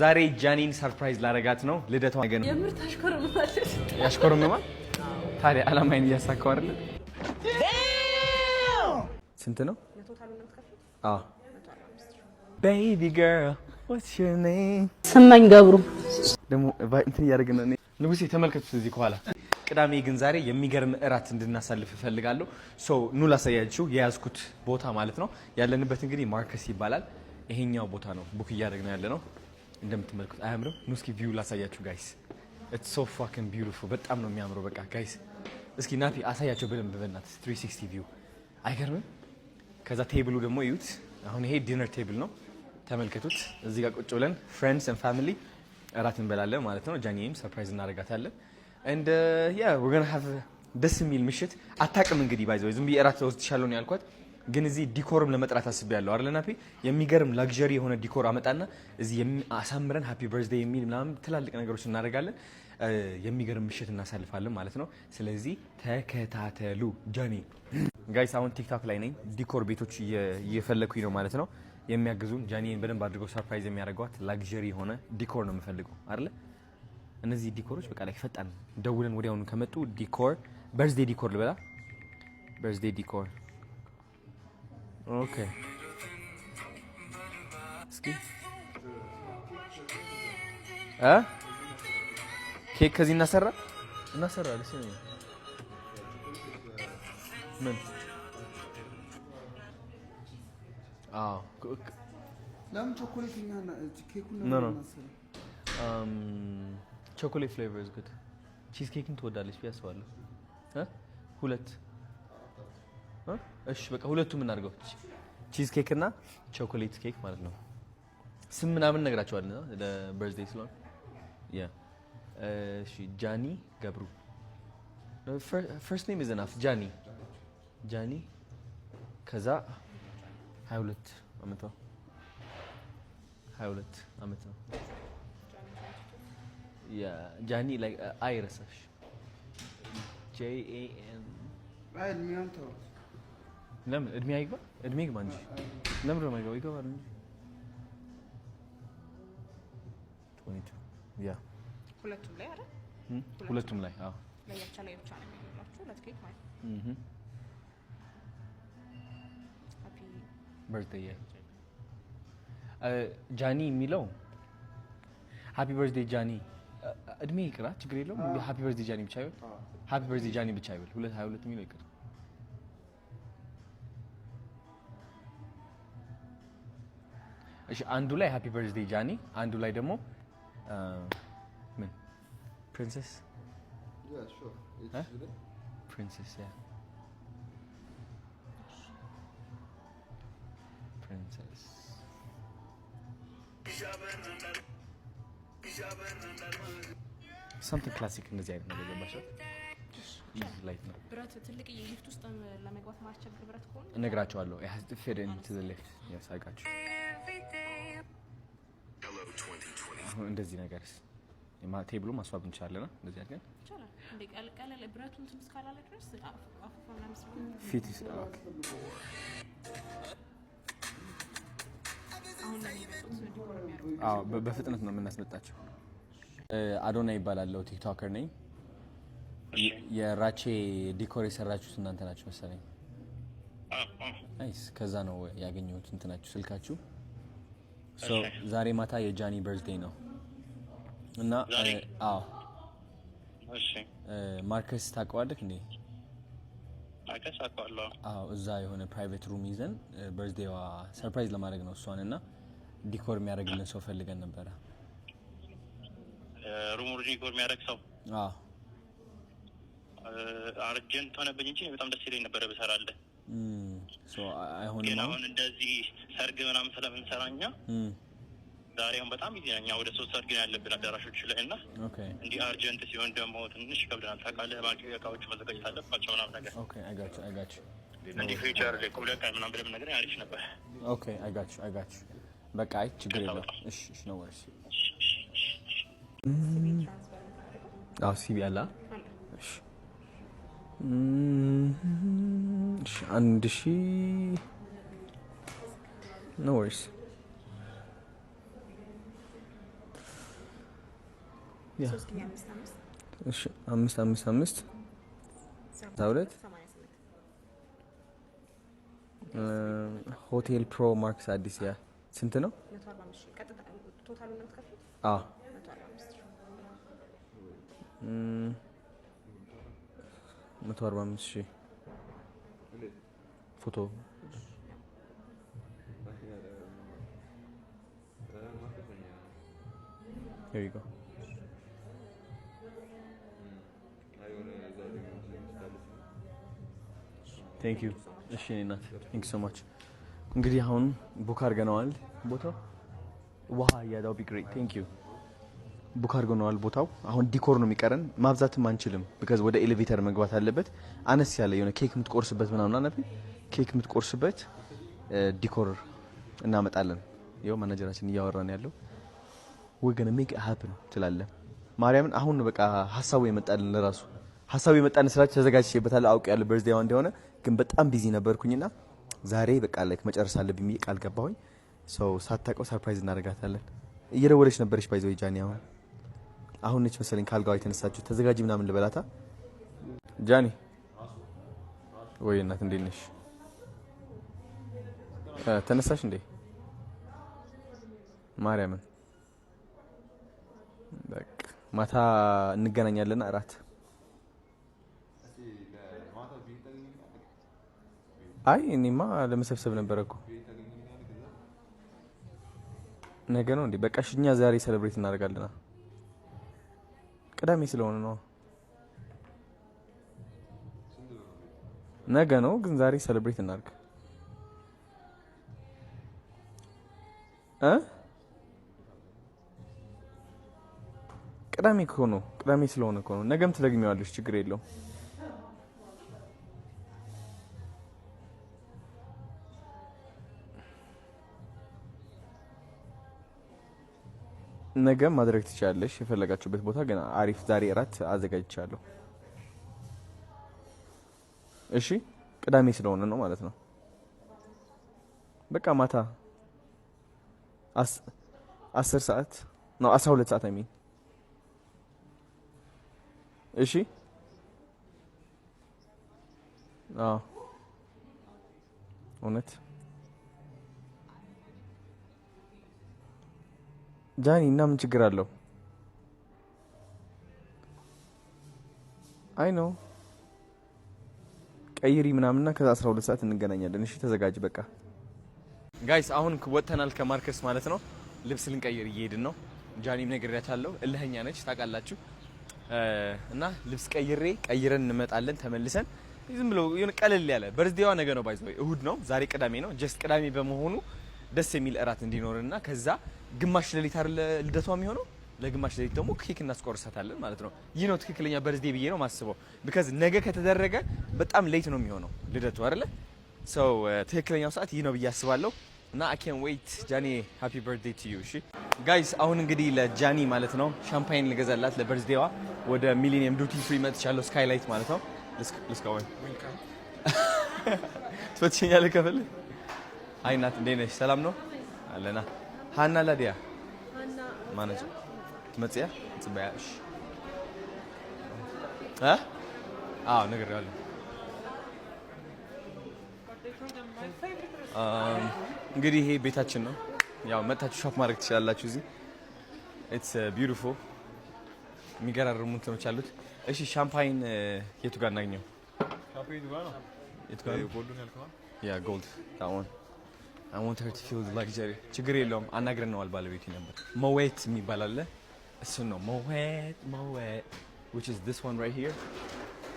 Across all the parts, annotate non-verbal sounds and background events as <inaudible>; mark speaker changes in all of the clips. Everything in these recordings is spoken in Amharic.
Speaker 1: ዛሬ ጃኒን ሰርፕራይዝ ላረጋት ነው። ልደቷ
Speaker 2: ነገ ነው። የምር ታሽኮረምማለች።
Speaker 1: ያሽኮረምማል። ታዲያ አላማይን እያሳካው አይደለ? ስንት ነው? ቤቢ ገርል
Speaker 2: ስመኝ ገብሩ።
Speaker 1: ደግሞ እንትን እያደረግን ነው። ንጉሴ ተመልከቱት እዚህ ከኋላ። ቅዳሜ ግን ዛሬ የሚገርም እራት እንድናሳልፍ እፈልጋለሁ። ሶ ኑ ላሳያችሁ የያዝኩት ቦታ ማለት ነው። ያለንበት እንግዲህ ማርከስ ይባላል። ይሄኛው ቦታ ነው ቡክ ነው ያለ ነው። እንደምትመልኩት አያምርም? ኑ እስኪ ቪው ላሳያችሁ ጋይስ። ኢትስ ሶ ፋኪንግ ቢዩቲፉል በጣም ነው የሚያምረው። በቃ ጋይስ እስኪ ናቲ አሳያቸው ብለን በበናት 360 ቪው አይገርምም? ከዛ ቴብሉ ደግሞ እዩት። አሁን ይሄ ዲነር ቴብል ነው ተመልከቱት። እዚህ ጋር ቁጭ ብለን ፍሬንድስ ኤንድ ፋሚሊ እራት እንበላለን ማለት ነው። ጃኒም ሰርፕራይዝ እናደርጋታለን። እንደ ያ ወገን ደስ የሚል ምሽት አታውቅም እንግዲህ ባይዘ ዝም ብዬ እራት ወስድሻለሁ ነው ያልኳት ግን እዚህ ዲኮርም ለመጥራት አስቤያለሁ አይደል ናፒ? የሚገርም ላግዠሪ የሆነ ዲኮር አመጣና እዚህ አሳምረን ሃፒ በርዝዴይ የሚል ምናምን ትላልቅ ነገሮች እናደርጋለን። የሚገርም ምሽት እናሳልፋለን ማለት ነው። ስለዚህ ተከታተሉ። ጃኒ ጋይስ፣ አሁን ቲክታክ ላይ ነኝ። ዲኮር ቤቶች እየፈለግኩኝ ነው ማለት ነው። የሚያግዙን ጃኒን በደንብ አድርገው ሰርፕራይዝ የሚያደርጓት ላግዠሪ የሆነ ዲኮር ነው የምፈልገው አይደል? እነዚህ ዲኮሮች በቃ ላይ ፈጣን ደውለን ወዲያውኑ ከመጡ ዲኮር በርዝዴይ ዲኮር ልበላ በርዝዴይ ዲኮር ኦኬ እስኪ እ ኬክ ከዚህ እናሰራ እናሰራ ምን ቾኮሌት ፍሌቨር ኢዝ ጉድ ቺዝ ኬክን ትወዳለች ብዬ አስባለሁ ሁለት እሺ በቃ ሁለቱም እናድርገው። ቺዝ ኬክ እና ቾኮሌት ኬክ ማለት ነው። ስም ምናምን ነግራቸዋል ለበርዝዴይ ስለሆነ ያ እሺ። ጃኒ ገብሩ ፈርስት ኔም ኢዝ ጃኒ ጃኒ። ከዛ 22 ነው። 22 አመት ነው። ያ ጃኒ ላይ አይረሳሽ ጄ ኤ ኤን ለምን እድሜ አይግባ? እድሜ ይግባ እንጂ ለምን ነው የማይገባው? ይገባል እንጂ ሁለቱም ላይ ጃኒ uh, የሚለው ሃፒ በርዝዴይ ጃኒ እድሜ ይቅራ፣ ችግር የለውም። ሃፒ በርዝዴይ ጃኒ ብቻ ይበል። ሃፒ በርዝዴይ ጃኒ ብቻ ይበል። ሁለት ሀያ ሁለት የሚለው ይቅር አንዱ ላይ ሃፒ በርዝዴ ጃኒ፣ አንዱ ላይ ደግሞ ምን ፕሪንሰስ ፕሪንሰስ ያ ክላሲክ እንደዚህ አይነት ነገር ገባሻል።
Speaker 2: ውስጥ ለመግባት ብረት ከሆነ
Speaker 1: እነግራቸዋለሁ። አሁን እንደዚህ ነገር ቴብሎ ማስዋብ እንችላለን። እንደዚህ አድርገን በፍጥነት ነው የምናስመጣቸው። አዶና ይባላለው፣ ቲክቶከር ነኝ። የራቼ ዲኮር የሰራችሁት እናንተ ናችሁ መሰለኝ። ከዛ ነው ያገኘሁት እንትናችሁ ስልካችሁ ዛሬ ማታ የጃኒ በርዝዴይ ነው እና አዎ ማርከስ ታውቀዋለህ እንዴ? አዎ እዛ የሆነ ፕራይቬት ሩም ይዘን በርዝዴዋ ሰርፕራይዝ ለማድረግ ነው እሷን እና ዲኮር የሚያደርግልን ሰው ፈልገን ነበረ።
Speaker 3: ሩሙ ዲኮር የሚያደርግ ሰው አርጀንት ሆነብኝ እንጂ በጣም ደስ ይለኝ ነበረ ብሰራለን ግን አሁን እንደዚህ ሰርግ ምናምን ስለምንሰራ እኛ ዛሬ አሁን በጣም ጊዜ ወደ ሶስት ሰርግ ያለብን አዳራሾች ላይ እና እንዲህ አርጀንት ሲሆን ደግሞ ትንሽ ይከብደናል። ታውቃለህ፣ ባቂ እቃዎች መዘጋጀት አለባቸው ምናምን ነገር
Speaker 1: አይጋች አይጋች በቃ አይ ችግር የለም። እሺ እሺ ነው ወርስ አዎ ሲቢ አላ አንድ ሺ አምስት አምስት አምስት ሁለት ሆቴል ፕሮ ማክስ አዲስ ያ ስንት ነው? ቶታሉ ነው Here you go. Thank you. Ashina. Thank you so much. እንግዲህ አሁን ቡክ አድርገነዋል ቦታው ውሃ እያዳው ቢ ግሬት ቴንክ ዩ ቡክ አድርገነዋል። ቦታው አሁን ዲኮር ነው የሚቀረን፣ ማብዛትም አንችልም። ቢካዝ ወደ ኤሌቬተር መግባት አለበት። አነስ ያለ የሆነ ኬክ የምትቆርስበት ምናምን አናፊ ኬክ የምትቆርስበት ዲኮር እናመጣለን። ይኸው ማናጀራችን እያወራን ያለው ወገን ሜክ ሀፕን ትላለ ማርያምን አሁን በቃ ሀሳቡ የመጣልን ለራሱ ሀሳቡ የመጣልን ስራ ተዘጋጅቼበታለሁ። አውቅ ያለ በርዝዴዋ እንደሆነ ግን በጣም ቢዚ ነበርኩኝና ዛሬ በቃ ላይክ መጨረስ አለብኝ ቃል ገባሁኝ። ሰው ሳታውቀው ሰርፕራይዝ እናደርጋታለን። እየደወለች ነበረች ባይዘ ጃኒ አሁን አሁን ነች መሰለኝ ካልጋዋ የተነሳችው። ተዘጋጅ ምናምን ልበላታ። ጃኒ ወይ እናት እንዴት ነሽ? ተነሳሽ እንዴ? ማርያምን በቃ ማታ እንገናኛለን እራት። አይ እኔማ ለመሰብሰብ ነበረ እኮ ነገ ነው እንዴ? በቃ እኛ ዛሬ ሴሌብሬት እናደርጋለና። ቅዳሜ ስለሆነ ነው። ነገ ነው ግን ዛሬ ሴሌብሬት እናድርግ እ ቅዳሜ ከሆነ ቅዳሜ ስለሆነ ከሆነ ነገም ትደግሚዋለሽ፣ ችግር የለውም። ነገ ማድረግ ትችላለሽ። የፈለጋችሁበት ቦታ ግን አሪፍ ዛሬ እራት አዘጋጅቻለሁ። እሺ ቅዳሜ ስለሆነ ነው ማለት ነው። በቃ ማታ አስር ሰዓት ነው አስራ ሁለት ሰዓት አሚን። እሺ እውነት ጃኒ እና ምን ችግር አለው? አይ ነው ቀይሪ ምናምንና ከዛ 12 ሰዓት እንገናኛለን። እሺ ተዘጋጅ። በቃ ጋይስ አሁን ወጥተናል ከማርከስ ማለት ነው። ልብስ ልንቀይር እየሄድን ነው። ጃኒም ነግሬያታለሁ፣ እልህኛ ነች ታውቃላችሁ። እና ልብስ ቀይሬ ቀይረን እንመጣለን ተመልሰን። ዝም ብሎ የሆነ ቀለል ያለ በርዝዴዋ ነገ ነው ባይዘ እሁድ ነው፣ ዛሬ ቅዳሜ ነው። ጀስት ቅዳሜ በመሆኑ ደስ የሚል እራት እንዲኖርና ከዛ ግማሽ ሌሊት አይደለ ልደቷ የሚሆነው። ለግማሽ ሌሊት ደግሞ ኬክ እናስቆርሰታለን ማለት ነው። ይህ ነው ትክክለኛ በርዝዴ ብዬ ነው ማስበው። ቢካዝ ነገ ከተደረገ በጣም ሌት ነው የሚሆነው ልደቱ አይደለ። ሰው uh, ትክክለኛው ሰዓት ይህ ነው ብዬ አስባለሁ። እና አይ ካን ዌይት ጃኒ፣ ሃፒ በርዝዴ ቱ ዩ። እሺ ጋይስ፣ አሁን እንግዲህ ለጃኒ ማለት ነው ሻምፓይን ልገዛላት ለበርዝዴዋ። ወደ ሚሊኒየም ዱቲ ፍሪ መጥቻለሁ፣ ስካይላይት ማለት ነው። ልስካወን ትፈትሸኛለህ ከፈለህ። አይ እናት፣ እንዴት ነሽ? ሰላም ነው አለና ሃና ላድያ ማነች መጽያ ጽበያ እሺ እ አዎ ነገር እንግዲህ ይሄ ቤታችን ነው። ያው መታችሁ ሻፕ ማድረግ ትችላላችሁ። እዚህ ኢትስ ቢዩቲፉል uh, የሚገራርሙ እንትኖች አሉት። እሺ ሻምፓይን የቱ ጋር እናገኘው? ሻምፓይን የቱ ጋር ነው? የቱ ጋር ነው? ጎልድ ችግር የለውም አናግረነዋል። ባለቤቱ ነበር መዌት የሚባል አለ። እሱን ነው መዌት መዌት which is this one right here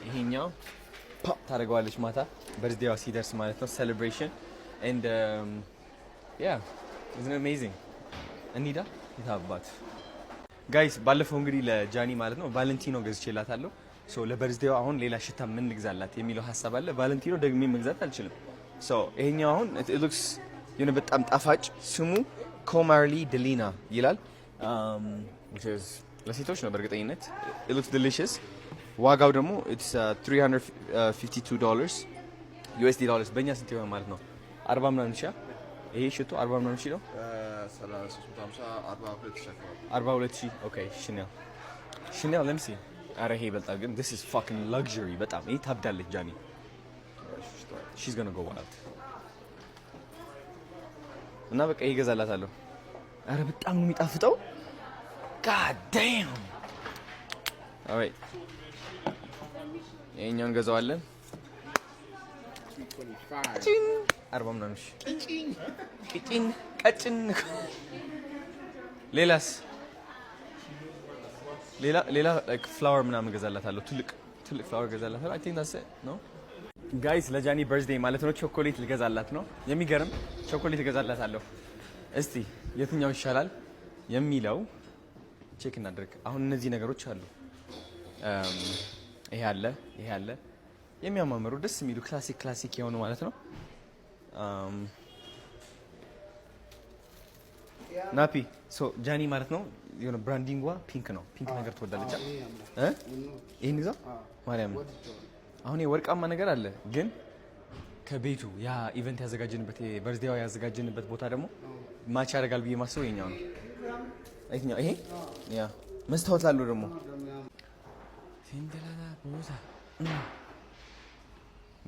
Speaker 1: ይሄኛው ፓፕ ታደርገዋለች ማታ በርዝዴዋ ሲደርስ ማለት ነው celebration and um yeah isn't amazing እንሂዳ የታባት ጋይስ ባለፈው እንግዲህ ለጃኒ ማለት ነው ቫለንቲኖ ገዝቼላታለሁ። ሶ ለበርዝዴዋ አሁን ሌላ ሽታ ምን ልግዛላት የሚለው ሀሳብ አለ። ቫለንቲኖ ደግሜ መግዛት አልችልም። ሶ ይሄኛው አሁን it looks የሆነ በጣም ጣፋጭ ስሙ ኮማርሊ ድሊና ይላል። ለሴቶች ነው በእርግጠኝነት። ኢትስ ዲሊሽስ። ዋጋው ደግሞ ኢትስ 352 ዶላርስ ዩኤስዲ ዶላርስ በእኛ ስንት ይሆን ማለት ነው? 40 ምናምን ሺህ ይሄ ሽቶ 40 ምናምን ሺህ ነው። 42 ሺህ ኦኬ። ሽኔል ሽኔል ለምሲ አረ ይሄ ይበልጣል ግን ዲስ ኢዝ ፋኪንግ ላግዠሪ በጣም ይሄ ታብዳለች ጃኒ ሺዝ ጎና ጎ ዋይልድ እና በቃ ይገዛላታለሁ። አረ በጣም ነው የሚጣፍጠው። ጋዳም አይ ይሄኛው እንገዛዋለን። ጭን አርባ ምናምን እሺ። ጭን ቀጭን። ሌላስ ሌላ ሌላ ፍላወር ምናምን እገዛላታለሁ። ትልቅ ትልቅ ፍላወር እገዛላታለሁ። አይ ቲንክ ዳትስ ኢት ኖ ጋይስ ለጃኒ በርዝዴ ማለት ነው ቾኮሌት ልገዛላት ነው። የሚገርም ቾኮሌት ልገዛላት አለሁ። እስቲ የትኛው ይሻላል የሚለው ቼክ እናድርግ። አሁን እነዚህ ነገሮች አሉ። ይሄ አለ፣ ይሄ አለ። የሚያማምሩ ደስ የሚሉ ክላሲክ ክላሲክ የሆኑ ማለት ነው። ናፒ ሶ ጃኒ ማለት ነው የሆነ ብራንዲንጓ ፒንክ ነው። ፒንክ ነገር ትወዳለች። ይህን ይዛ ማርያም አሁን የወርቃማ ነገር አለ ግን ከቤቱ ያ ኢቨንት ያዘጋጀንበት በርዝዴዋ ያዘጋጀንበት ቦታ ደግሞ ማች ያደርጋል ብዬ ማስበው የኛው ነው። የትኛው? ይሄ ያ መስታወት አለው ደግሞ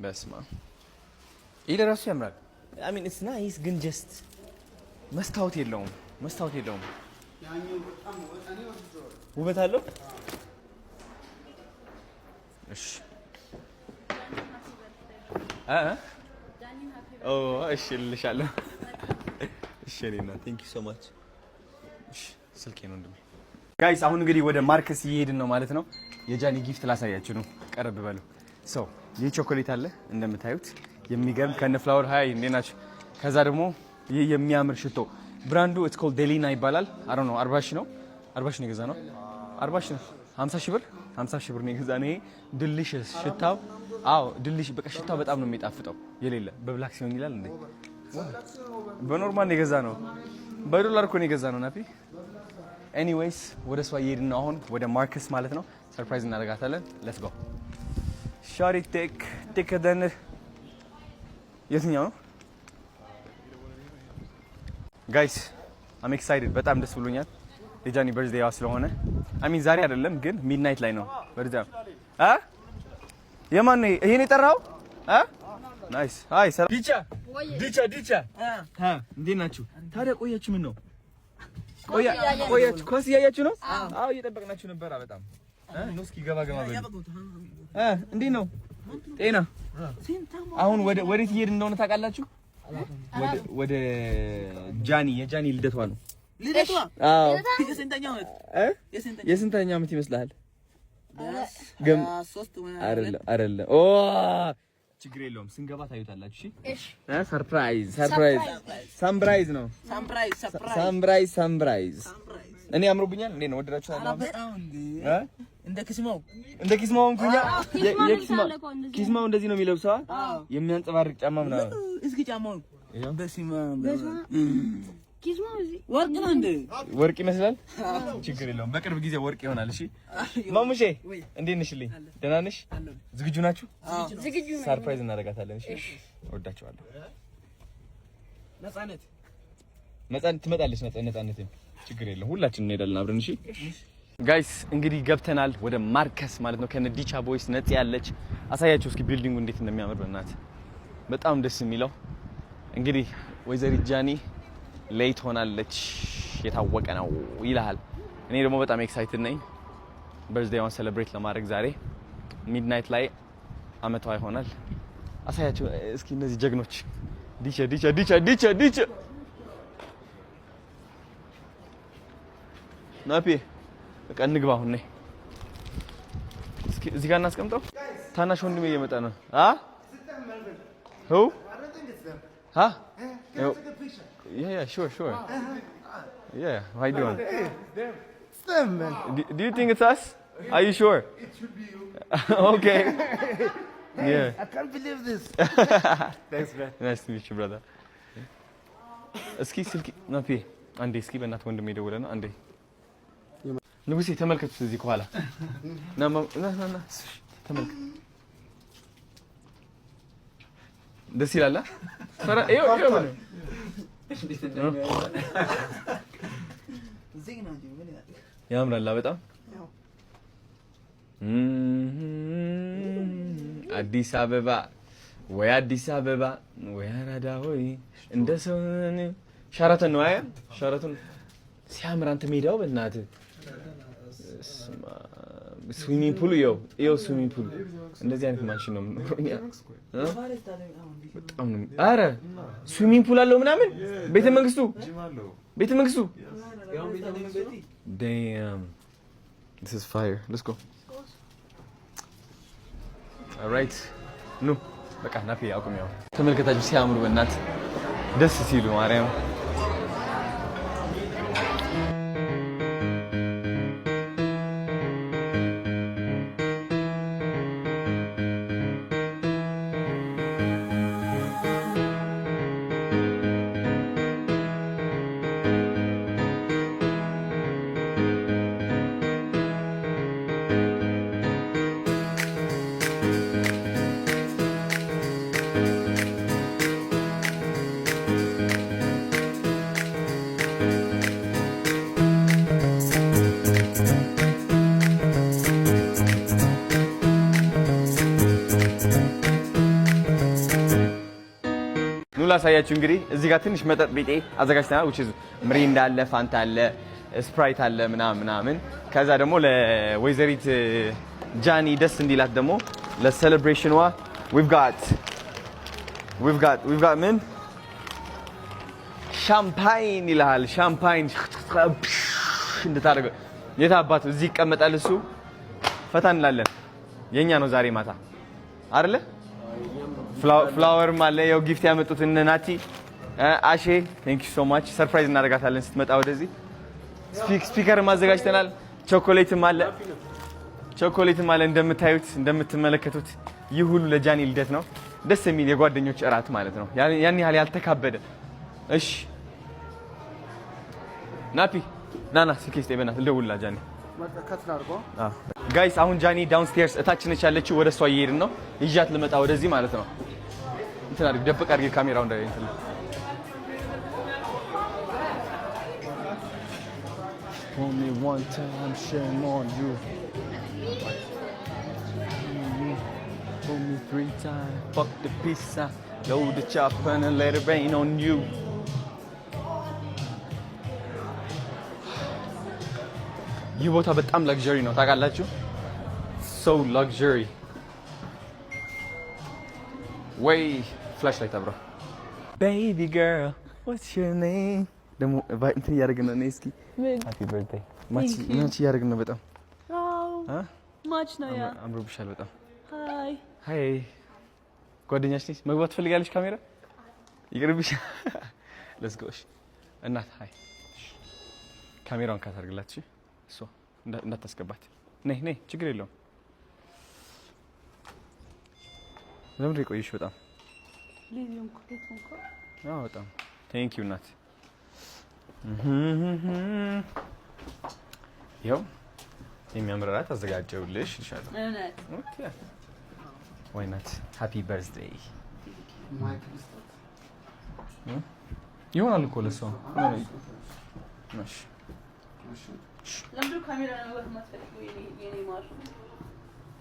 Speaker 1: በስማ ይህ ለራሱ ያምራል። አሚን እስና ግን ጀስት መስታወት የለውም፣ መስታወት የለውም። ውበት አለው። እሺ እሺ እልሻለሁ። እሺ እኔና ቴንክ ዩ ሶ ማች። እሺ ስልኬ ነው እንደም ጋይስ። አሁን እንግዲህ ወደ ማርከስ እየሄድን ነው ማለት ነው። የጃኒ ጊፍት ላሳያችሁ ነው። ቀረብ በሉ ይህ ቾኮሌት አለ እንደምታዩት የሚገርም ከነ ፍላወር እንዴት ናችሁ? ከዛ ደግሞ ይህ የሚያምር ሽቶ ብራንዱ ኢትስ ኮልድ ዴሊና ይባላል። አሮ ነው ነው ነው የገዛ ነው ነው 50 ሺህ ብር 50 ሺህ ብር ነው የገዛ ይሄ ድልሽ ሽታው፣ አዎ ድልሽ በቃ ሽታው በጣም ነው የሚጣፍጠው። የሌለ በብላክ ሲሆን ይላል እንዴ! በኖርማል ነው የገዛ ነው። በዶላር እኮ ነው የገዛ ነው ናፊ። ኤኒዌይስ ወደ እሷ እየሄድን ነው አሁን፣ ወደ ማርክስ ማለት ነው። ሰርፕራይዝ እናደርጋታለን። ሌትስ ጎ ሻሪ ቴክ ቴክ ደን የትኛው ነው ጋይስ? አም ኤክሳይትድ በጣም ደስ ብሎኛል። የጃኒ በርዝዴዋ ስለሆነ አሚን ዛሬ አይደለም ግን ሚድናይት ላይ ነው። ወርዳ አ የማን ነው ይሄን የጠራው? አ ናይስ። አይ ሰላም ዲቻ ዲቻ ዲቻ አ እንዴት ናችሁ? ታዲያ ቆያችሁ? ምን ነው ቆያ ቆያችሁ? ኳስ እያያችሁ ነው? አዎ እየጠበቅናችሁ ነበር። በጣም ኑ እስኪ ገባ ገባ አ እንዴት ነው ጤና? አሁን ወደ ወዴት እየሄድን እንደሆነ ታውቃላችሁ? ወደ ጃኒ የጃኒ ልደቷ ነው። የስንተኛ ዓመት ይመስልሃል? አይደለም። ችግር የለውም። ስንገባ ታዩታላችሁ። ሰርፕራይዝ ሰርፕራይዝ ሳምፕራይዝ ነው። ሳምፕራይዝ ሳምፕራይዝ። እኔ አምሮብኛል። እንዴ ነው? ወደዳችሁታል? እንደ ኪስማው እንደ ኪስማው እንኩኛ ኪስማው እንደዚህ ነው የሚለብሰው የሚያንጸባርቅ ጫማ ምናምን።
Speaker 2: እስኪ ጫማውን ወርቅ ነው እንዴ?
Speaker 1: ወርቅ ይመስላል። ችግር የለውም። በቅርብ ጊዜ ወርቅ ይሆናል። እሺ ማሙሼ፣ እንዴት ነሽልኝ? ደህና ነሽ? ዝግጁ ናችሁ? ዝግጁ ነኝ። ሰርፕራይዝ እናደርጋታለን። እሺ ወዳችኋለሁ። ነፃነት ነፃነት ትመጣለች። ነፃነት ችግር የለውም። ሁላችንም እንሄዳለን አብረን። እሺ ጋይስ እንግዲህ ገብተናል ወደ ማርከስ ማለት ነው። ከነዲቻ ቦይስ ነጽ ያለች አሳያችሁ እስኪ ቢልዲንጉ እንዴት እንደሚያምር በእናት በጣም ደስ የሚለው እንግዲህ ወይዘሪት ጃኒ ሌት ሆናለች የታወቀ ነው ይልሃል። እኔ ደግሞ በጣም ኤክሳይትድ ነኝ በርዝዴዋን ሴሌብሬት ለማድረግ ዛሬ ሚድናይት ላይ አመቷ ይሆናል። አሳያቸው እስኪ እነዚህ ጀግኖች ዲቸ ዲቸ ዲቸ ዲቸ ዲቸ ናፒ በቃ እንግባ። አሁን ነይ እስኪ እዚህ ጋር እናስቀምጠው። ታናሽ ወንድሜ እየመጣ ነው አ Yeah, yeah, sure, sure. Yeah, how you doing? Hey, it's them. It's them, man. Do, do you think it's us? Are you sure?
Speaker 4: It should be you.
Speaker 1: <laughs> okay. <laughs> Yeah. I
Speaker 2: can't believe this. <laughs>
Speaker 1: Thanks, man. Nice to meet you, brother. እስኪ ስልክ ናፒ አንዴ እስኪ በእናት ወንድሜ ደውለ ነው አንዴ ንጉሴ ተመልከት እዚህ ከኋላ ተመልከት ደስ ይላል <laughs> ያምራላ በጣም አዲስ አበባ ወይ አዲስ አበባ ወይ አራዳ ሆይ እንደ ሰው ሸራተን ነው። አያ ሸራተን ሲያምር አንተ ሜዳው በእናትህ ስዊሚንግ ፑል ው ው ስዊሚንግ ፑል እንደዚህ አይነት ማሽን ነው። በጣም ነው። አረ ስዊሚንግ ፑል አለው ምናምን ቤተ መንግስቱ ቤተ መንግስቱ ዳም ኑ በቃ ናፌ አቁም። ያው ተመልከታችሁ ሲያምሩ በእናት ደስ ሲሉ ማርያም ላሳያችሁ እንግዲህ እዚህ ጋር ትንሽ መጠጥ ቢጤ አዘጋጅተናል። ውች ምሪንዳ አለ፣ ፋንታ አለ፣ ስፕራይት አለ ምናምን ምናምን። ከዛ ደግሞ ለወይዘሪት ጃኒ ደስ እንዲላት ደግሞ ለሴሌብሬሽንዋ ዊቭ ጋት ዊቭ ጋት ዊቭ ጋት ምን ሻምፓይን ይልሃል። ሻምፓይን እንድታደርገ የት አባቱ እዚህ ይቀመጣል እሱ። ፈታ እንላለን። የእኛ ነው ዛሬ ማታ አይደለ? ፍላወርም አለ። ያው ጊፍት ያመጡት እነ ናቲ አሼ፣ ቴንክ ዩ ሶ ማች። ሰርፕራይዝ እናደርጋታለን ስትመጣ ወደዚህ። ስፒከርም አዘጋጅተናል። ቾኮሌትም አለ፣ ቾኮሌትም አለ። እንደምታዩት እንደምትመለከቱት ይህ ሁሉ ለጃኒ ልደት ነው። ደስ የሚል የጓደኞች እራት ማለት ነው። ያን ያህል ያልተካበደ። እሺ ናፒ ናና ስልኬ ስጠኝ በእናትህ፣ ልደውልላት ጃኒ ጋይስ አሁን ጃኒ ዳውን ስቴርስ እታች ነች ያለችው። ወደ እሷ እየሄድን ነው። ይዣት ልመጣ ወደዚህ ማለት ነው። እንትን አድርግ፣ ደብቅ አድርግ ካሜራው እንዳይ እንትን Pull me three times, fuck the pizza, load the chop and let it rain on you. ይህ ቦታ በጣም ላግዠሪ ነው ታውቃላችሁ። ሰው ላግዠሪ ወይ ፍላሽ ላይ ተብረ ቤቢ ገርል ዋትስ ኔም ደግሞ እንትን እያደረግን ነው። እስኪ ሃፒ በርዝዴይ ማች እያደረግን ነው። በጣም ማች ነው። ያ አምሮብሻል በጣም ሃይ ጓደኛሽ መግባት ትፈልጋለች። ካሜራ ይቅርብሽ። ለስጎሽ <laughs> እናት ካሜራውን ካታርግላችሁ እሷ እንዳታስገባት። ነይ ነይ፣ ችግር የለውም። ለምንድን
Speaker 2: ነው በጣም
Speaker 1: በጣም ቴንክ ዩ ናት። ይኸው የሚያምር እራት አዘጋጀሁልሽ። ይሻላል። ዋይ ናት። ሃፒ በርዝዴይ ይሆናል እኮ ለእሷ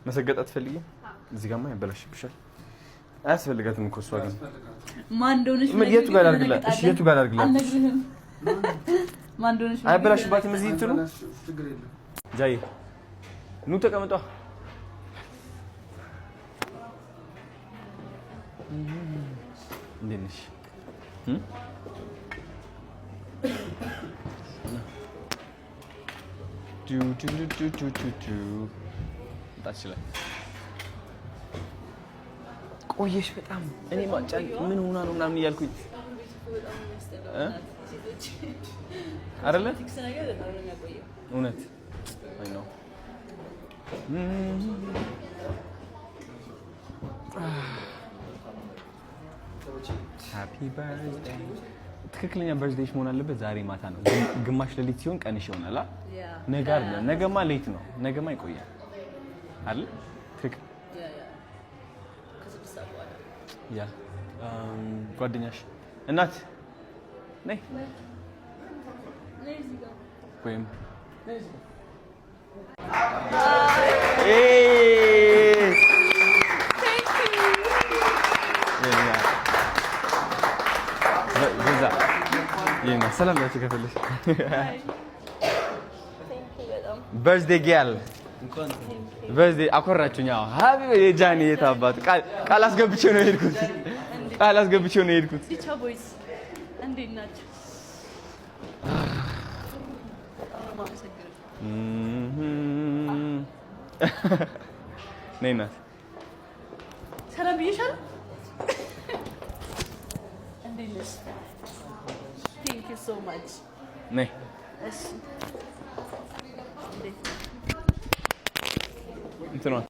Speaker 1: መሰገጥ አትፈልጊም? እዚህ ጋማ ያበላሽብሻል። አያስፈልጋትም እኮ እሷ ግን የቱ ጋር አድርግላት? የቱ ጋር አድርግላት? አያበላሽባትም። እዚህ እንትኑ ጃዬ ኑ ተቀምጧ። እንዴት ነሽ? Du, du, du, du, du, du, du. ቆየሽ በጣም እኔ ምን ሆና ነው ምናምን እያልኩኝ አይደለ እውነት ነው። ሃፒ ትክክለኛ በርዝዴሽ መሆን አለበት። ዛሬ ማታ ነው፣ ግማሽ ሌሊት ሲሆን ቀንሽ ይሆናል። ነገ አለ፣ ነገማ ሌት ነው፣ ነገማ ይቆያል አለ። ትክክል። ያ ጓደኛሽ እናት ነይ ወይም ይሄን ሰላም ያቺ ከፈለሽ በርዝዴ ጊያል በርዝዴ አኮራችሁኝ። አዎ ሀቢ የጃኒ የታባት ቃል አስገብቼው ነው የሄድኩት። ቃል አስገብቼው ነው የሄድኩት። ነይ እናት
Speaker 2: ሰላም ብዬሻለሁ። Thank you so much. Nee. Yes. እንዴት